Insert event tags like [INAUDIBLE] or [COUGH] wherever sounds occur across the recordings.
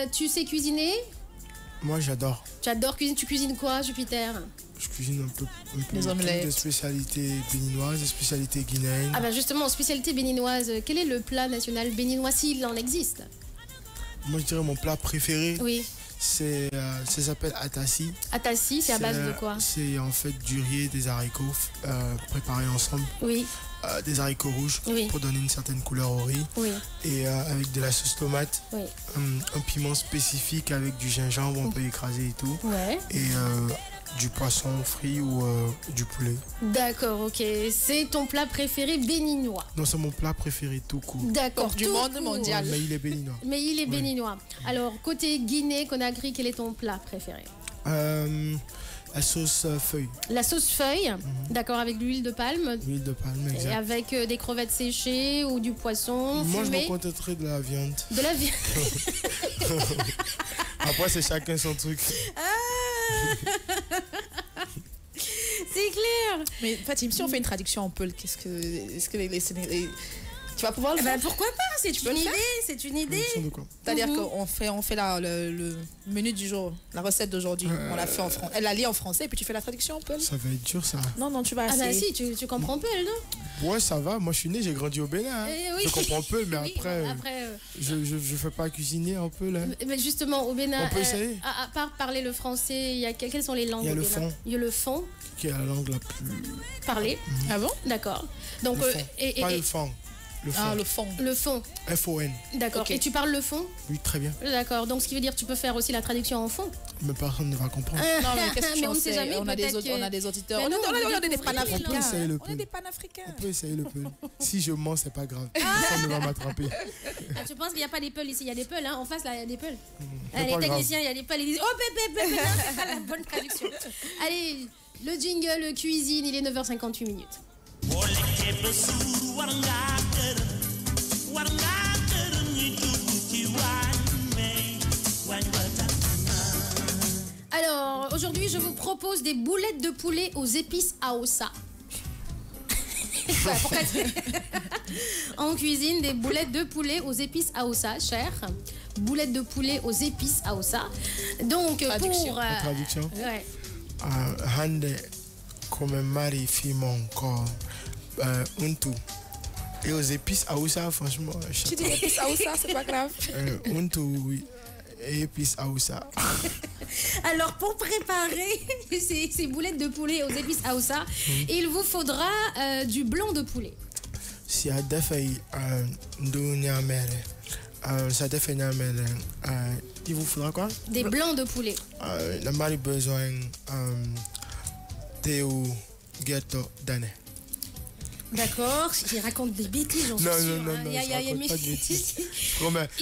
Euh, tu sais cuisiner Moi, j'adore. Tu adores cuisiner Tu cuisines quoi, Jupiter je cuisine un peu, des spécialités béninoises, des spécialités guinéennes. Ah bah justement, spécialité béninoise, quel est le plat national béninois s'il en existe moi je dirais mon plat préféré. Oui. C'est, euh, ça s'appelle atassi. Atassi, c'est à base de euh, quoi C'est en fait du riz des haricots euh, préparés ensemble. Oui. des haricots rouges pour donner une certaine couleur au riz. Et avec de la sauce tomate. Hum, un, piment spécifique avec du gingembre, on peut écraser et tout du poisson frit ou euh, du poulet. D'accord, ok. C'est ton plat préféré béninois Non, c'est mon plat préféré tout court. D'accord, du monde mondial. Mais il est béninois. [LAUGHS] Mais il est béninois. Alors, côté Guinée, Conakry, quel est ton plat préféré euh, La sauce euh, feuille. La sauce feuille, mhm. d'accord, avec l'huile de palme. L'huile de palme, Et avec des crevettes séchées ou du poisson. Moi, je me contenterai de la viande. De la viande [LAUGHS] [LAUGHS] Après, c'est chacun son truc. Ah c'est clair. Mais Fatim, si on fait une traduction en peul, qu'est-ce que, est-ce que les tu vas pouvoir le eh ben, pourquoi pas C'est une, idée, c'est une idée. C'est-à-dire qu'on fait, on fait la, le, menu du jour, la recette d'aujourd'hui. Euh. On la fait en français. Elle la lit en français et puis tu fais la traduction, peu. Ça va être dur, ça. Non, non, tu vas essayer. Ah, bah, si, tu, tu comprends peu non Ouais, ça va. Moi, je suis né, j'ai grandi au Bénin. Hein. Eh je comprends peu, mais [LAUGHS] après, bah, après euh, euh, je, ne fais pas cuisiner un peu, là. Mais justement, au Bénin, on peut essayer. à, part parler le français, il y a, quelles sont les langues Il y a le fond. Il y a le fond. Qui est la langue la plus. Parlée. Ah bon D'accord. Donc, et, pas le fond. Le ah, fond. Ah, le fond. Le fond. F-O-N. D'accord. Et tu parles le fond Oui, très bien. D'accord. Donc, ce qui veut dire que tu peux faire aussi la traduction en fond Mais personne ne va comprendre. Ah. non, mais, que [LAUGHS] mais on ne sait jamais. On a, des, auditeurs. on a des auditeurs. on, a des panafricains. On On est des panafricains. On peut essayer le peul. [LAUGHS] si je mens, c'est pas grave. Personne ah. ne va m'attraper. Ah, tu penses qu'il n'y a pas des peuls ici Il y a des peuls. Hein. En face, là, il y a des peuls. Hmm, les techniciens, il y a des peuls. Ils disent Oh, bébé, bébé, c'est pas la bonne traduction. [LAUGHS] Allez, le jingle cuisine, il est 9h58 minutes alors aujourd'hui je vous propose des boulettes de poulet aux épices ossa. [LAUGHS] en cuisine, des boulettes de poulet aux épices ossa, cher. Boulettes de poulet aux épices ossa. Donc, pour. Euh, ah, comme mon un euh, Untu. Et aux épices Aoussa, franchement. Euh, tu dis épices Aoussa, c'est pas grave. un [LAUGHS] Untu, euh, oui. Et épices Aoussa. [LAUGHS] Alors, pour préparer [LAUGHS] ces, boulettes de poulet aux épices Aoussa, hmm. il vous faudra du blanc de poulet. Si à Defei, ça Defei Niamere, il vous faudra quoi Des blancs de poulet. la mari besoin de Théo Ghetto d'année. D'accord, il raconte des bêtises, j'en suis non, Non, non, non, je raconte pas de bêtises.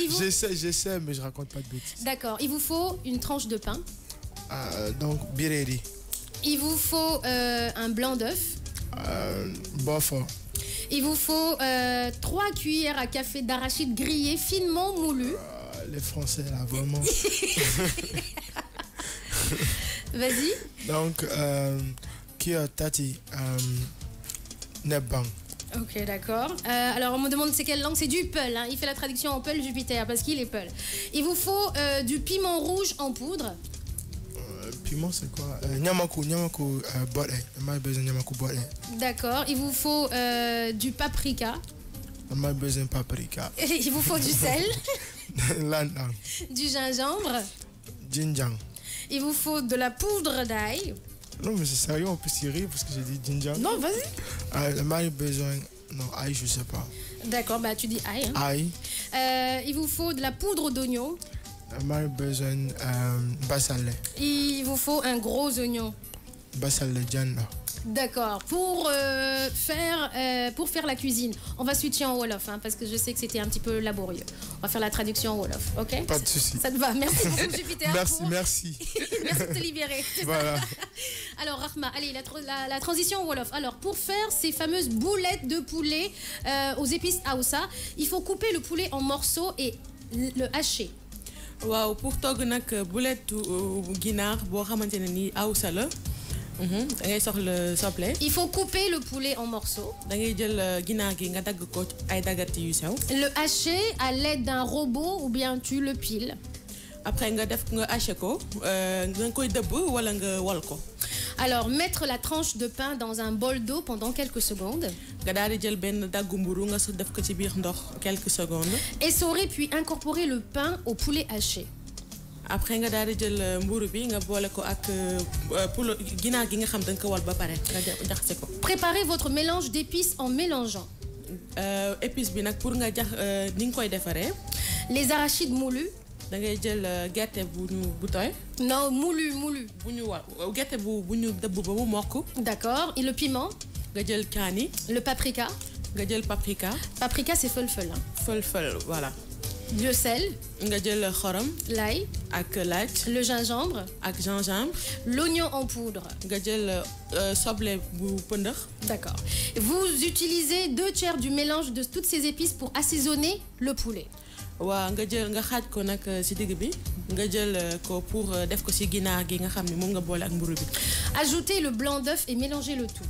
[LAUGHS] j'essaie, j'essaie, mais je raconte pas de bêtises. D'accord, il vous faut une tranche de pain. Euh, donc, bireri. Il vous faut euh, un blanc d'œuf. Euh, bof. Hein. Il vous faut euh, trois cuillères à café d'arachide grillé finement moulu. les Français, là, vraiment. [LAUGHS] [LAUGHS] Vas-y. Donc, qui est Tati Ok, d'accord. Euh, alors, on me demande c'est quelle langue C'est du Peul. Hein. Il fait la traduction en Peul Jupiter parce qu'il est Peul. Il vous faut euh, du piment rouge en poudre. Euh, piment, c'est quoi Nyamaku, Nyamaku, Nyamaku, D'accord. Il vous faut du paprika. paprika. [LAUGHS] Il vous faut du sel. [LAUGHS] du gingembre. Il vous faut de la poudre d'ail. Non, mais c'est sérieux, on peut s'y rire parce que j'ai dit Jinja. Non, vas-y. Euh, ah, le besoin. Non, aïe, je sais pas. D'accord, bah tu dis aïe. Hein. Aïe. Euh, il vous faut de la poudre d'oignon. Le mari besoin. Euh, basalé. Il vous faut un gros oignon. Basalé, Djanda. D'accord. Pour, euh, faire, euh, pour faire la cuisine, on va switcher en Wolof, hein, parce que je sais que c'était un petit peu laborieux. On va faire la traduction en Wolof, ok Pas de souci. Ça te va. Merci beaucoup, Jupiter. merci, merci. [LAUGHS] merci de te libérer. Voilà. [LAUGHS] Alors, Rahma, allez, la, la, la transition Wolof. Alors, pour faire ces fameuses boulettes de poulet euh, aux épices Aoussa, il faut couper le poulet en morceaux et le hacher. Wow, pour togg une boulette euh, ginaar boo xamante ne nii hmm. da ngay le, soble. il faut couper le poulet en morceaux. da ngay jël euh, ginaar gi nga dagg ko le hacher à l'aide d'un robot ou bien tu le piles. après nga def nga hacher ko euh, nga koy tu wala nga ko alors mettre la tranche de pain dans un bol d'eau pendant quelques secondes. Et puis incorporer le pain au poulet haché. préparez votre mélange d'épices en mélangeant. Euh, épices euh, les arachides moulues da ngay jël euh, gerte bu ñu bu tooy. non moulu moulu. bu ñu wa euh, gerte bu bu ñu dëbb ba mu mokk. d'accord et le piment. nga jël kaani. le paprika. nga jël paprika. paprika c'est fël-fël. Hein. fël-fël voilà. le sel. nga jël xorom. l'ail. ak laaj. le gingembre. ak gingembre. l'oignon en poudre. nga jël euh, soble bu pëndëx. d'accord vous utilisez deux tiers du mélange de toutes ces épices pour assaisonner le poulet waaw nga jël nga xaaj ko nag ci euh, digg bi nga jël euh, ko pour euh, def ko ci ginaar gi nga xam ne nga boole ak mburu bi. ajoutez le blanc d'œuf et mélangez le tout.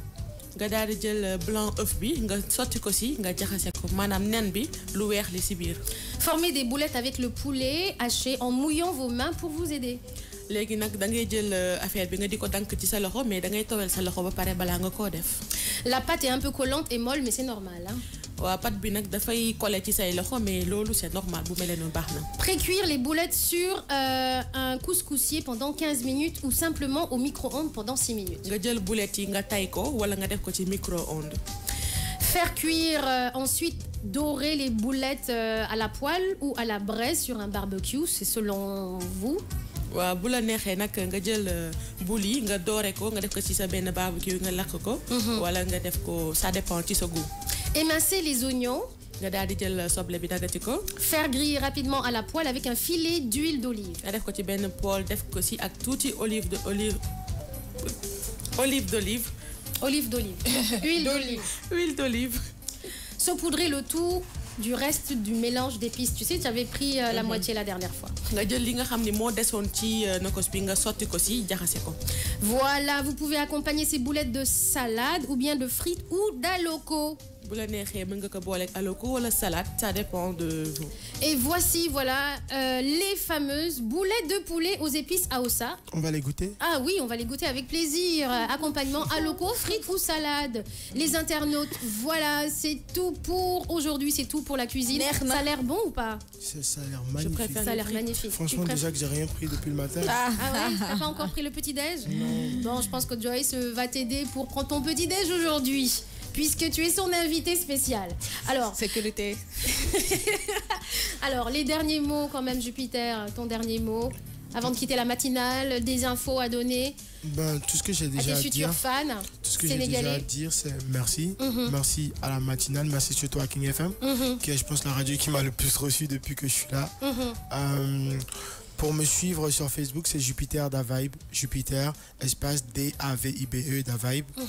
nga daal di jël blanc œuf bi nga sotti ko si nga jaxase ko maanaam nen bi lu weex li ci biir. formez des boulettes avec le poulet haché en mouillant vos mains pour vous aider. léegi nag da ngay jël affaire bi nga di ko dank ci sa loxo mais da ngay towel sa loxo ba pare balaa nga koo def. la pâte est un peu collante et molle mais c'est normal hein? waaw pâte bi nag dafay coller ci say loxo mais c'est normal bu mel précuire les boulettes sur euh, un couscoussier pendant 15 minutes ou simplement au micro-ondes pendant 6 minutes. nga jël boulettes yi nga tay ko wala nga def ko ci micro-ondes. Faire cuire euh, ensuite dorer les boulettes euh, à la poêle ou à la braise sur un barbecue, c'est selon vous Wa bu la neexee nag nga jël euh, bul yi nga doore ko nga def ko ci sa benn barbecue nga lakk ko. Mhm. wala nga def ko ça dépend ci sa goût. Émincer les oignons. faire griller rapidement à la poêle avec un filet d'huile d'olive. d'olive. d'olive. saupoudrer le tout du reste du mélange d'épices tu sais j'avais pris euh, la mhm. moitié la dernière fois. Euh, voilà vous pouvez accompagner ces boulettes de salade ou bien de frites ou d'aloko et voici voilà euh, les fameuses boulettes de poulet aux épices à ossa. on va les goûter. ah oui on va les goûter avec plaisir accompagnement à aloko frites ou salade les internautes voilà c'est tout pour aujourd'hui c'est tout pour la cuisine. ça a l'air bon ou pas. ça a l'air magnifique. je préfère ça a l'air magnifique. franchement déjà que j'ai rien pris depuis le matin. ah, ah tu [LAUGHS] t'as pas encore pris le petit déj. non non je pense que Joyce euh, va t'aider pour prendre ton petit déj aujourd'hui puisque tu es son invité spécial. Alors. c'est que Sécurité. [LAUGHS] Alors, les derniers mots, quand même, Jupiter, ton dernier mot, avant de quitter la matinale, des infos à donner. Ben, tout ce que j'ai déjà à, à dire. fans. Tout ce que j'ai déjà à dire, c'est merci. Mhm. Merci à la matinale, merci surtout à King FM, mhm. qui est, je pense, la radio qui m'a le plus reçu depuis que je suis là. Mhm. Euh, pour me suivre sur Facebook, c'est Jupiter Davibe, Jupiter, espace e D-A-V-I-B-E, Davibe. Mhm.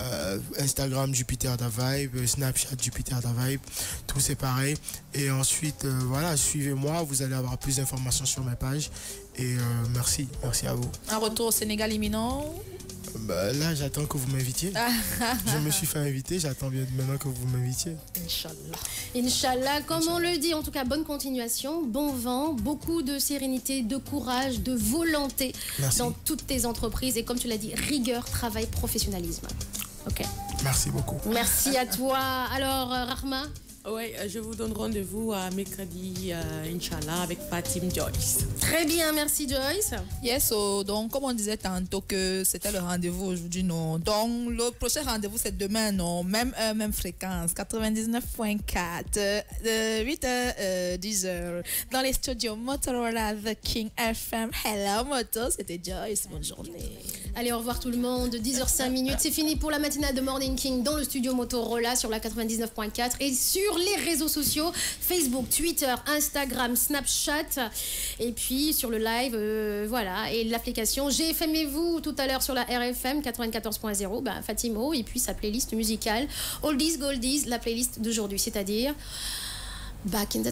Euh, Instagram, Jupiter Davibe, Snapchat, Jupiter Davibe, tout c'est pareil. Et ensuite, euh, voilà, suivez-moi, vous allez avoir plus d'informations sur mes pages. Et euh, merci, merci à vous. Un retour au Sénégal imminent bah, là, j'attends que vous m'invitiez. Ah. [LAUGHS] je me suis fait inviter, j'attends bien maintenant que vous m'invitiez. Inch'Allah. Inch'Allah, comme on le dit, en tout cas, bonne continuation, bon vent, beaucoup de sérénité, de courage, de volonté dans toutes tes entreprises. Et comme tu l'as dit, rigueur, travail, professionnalisme. Ok. Merci beaucoup. Merci à toi. Alors, euh, Rahma, oui, euh, je vous donne rendez-vous à mercredi, inshallah, euh, Inch'Allah, avec Fatim Joyce. Très bien, merci Joyce. Yes, oh, donc comme on disait tantôt que c'était le rendez-vous aujourd'hui, non. Donc le prochain rendez-vous c'est demain, non. Même heure, même fréquence, 99.4, 8h, euh, 10h. Euh, Dans les studios Motorola The King FM. Hello Moto, c'était Joyce, bonne journée. Allez, au revoir tout le monde. 10h05 minutes. C'est fini pour la matinale de Morning King dans le studio Motorola sur la 99.4 et sur les réseaux sociaux Facebook, Twitter, Instagram, Snapchat et puis sur le live. Euh, voilà. Et l'application GFM et vous tout à l'heure sur la RFM 94.0. Ben Fatimo et puis sa playlist musicale Oldies Goldies, la playlist d'aujourd'hui, c'est-à-dire Back in the